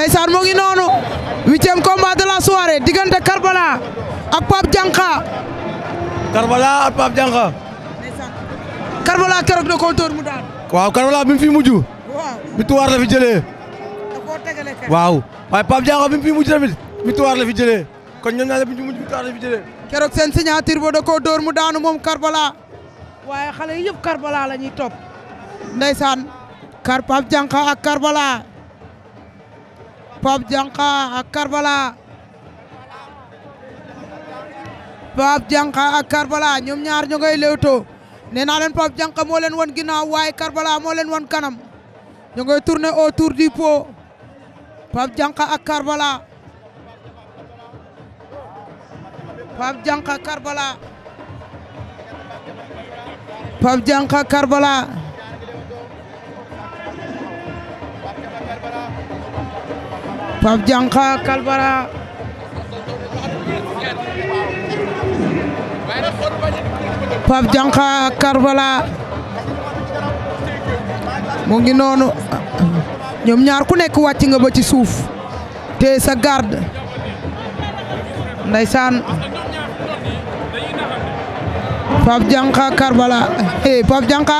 ndeysaan moo ngi noonu huitième combat de la diggante Karbala ak Pape Dianka. Karbala ak Pape Dianka. Karbala keroog da koo tóor mu daan. waaw Karbala bi mu fi mujj. waaw victoire la fi jëlee. da waaye Pape Dianka bi mu fi mujj tamit victoire la fi jëlee kon bi ñu mujj victoire fi jëlee. keroog seen signature da koo dóor mu daanu moom Karbala waaye xale yëpp Karbala la ñuy topp ndeysaan kar Pape Dianka ak Karbala. Pape Diakha ak Karbala Pape Diakha ak Karbala ñoom ñaar ñu lewto nee naa leen Pape Diakha moo leen wan ginnaaw waaye Karbala moo leen wan kanam ñu ngay tourner autour du pot Pape Diakha ak Karbala Pape Diakha Karbala Pape Pape Dianka Kalbara Pape Karbala mu ngi noonu ñoom ñaar ku nekk wàcc nga ba ci suuf te sa garde ndaysaan Pape Dianka Karbala eh Pape Dianka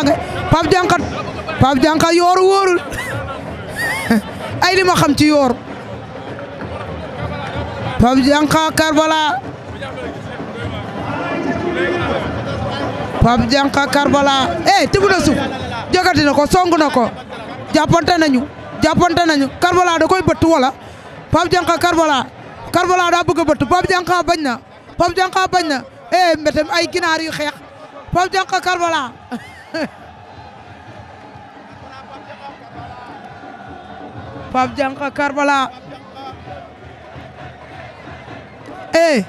Pape Dianka Pape yoor wóorul ay li ma xam ci yoor Pape Dianka Karbala Pape Dianka Karbala eh tibb na suuf jogati ko song na ko jàppante nañu jàppante nañu Karbala da koy bëtt wala Pape Dianka Karbala Karbala daa bëgg bëtt Pape Dianka bañ na Pape Dianka bañ na eh mbetem ay ginaar yu xeex Pape Dianka Karbala Pape Dianka Karbala eh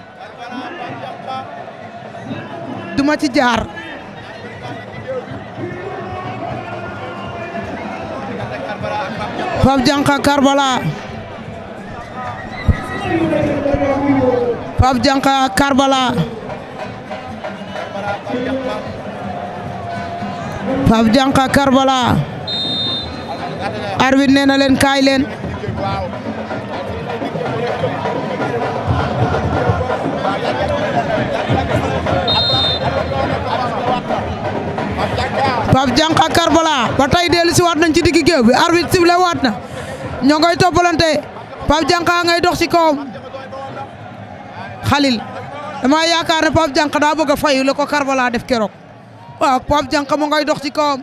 duma ci jaar Pape Diakha Karbala Pape Diakha Karbala Pape Diakha Karbala arbitre leen kaay leen Pape Diankha Karbala ba tey dellu waat nañ ci diggi géew bi arbitre sifflé waat na ñoo ngay toppalante Pape Diankha dox ci kawam Khalil dama yaakaar ne Pape Diankha daa bëgg a ko Karbala def keroog waaw Pape Diankha mo ngay dox ci kawam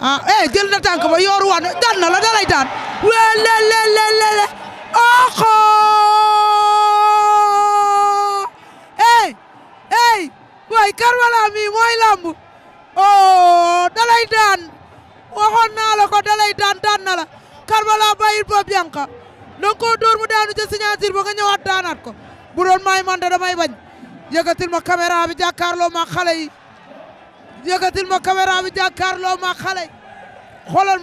ah eh jël na tànk ba yooru waat daan na la dalay daan welelelele oxo eh eh waay Karbala mi mooy lamb oh dalay daan waxoon naa la ko dalay daan daan na la Karbala bayit ba Bianca da nga dóor mu daanu ca signature ba nga ñëwaat daanaat ko bu maay man da damay bañ yëkkatil ma caméra bi jàkkaarloo ma xale yi yëkkatil ma caméra bi jàkkaarloo ma xale yi xoolal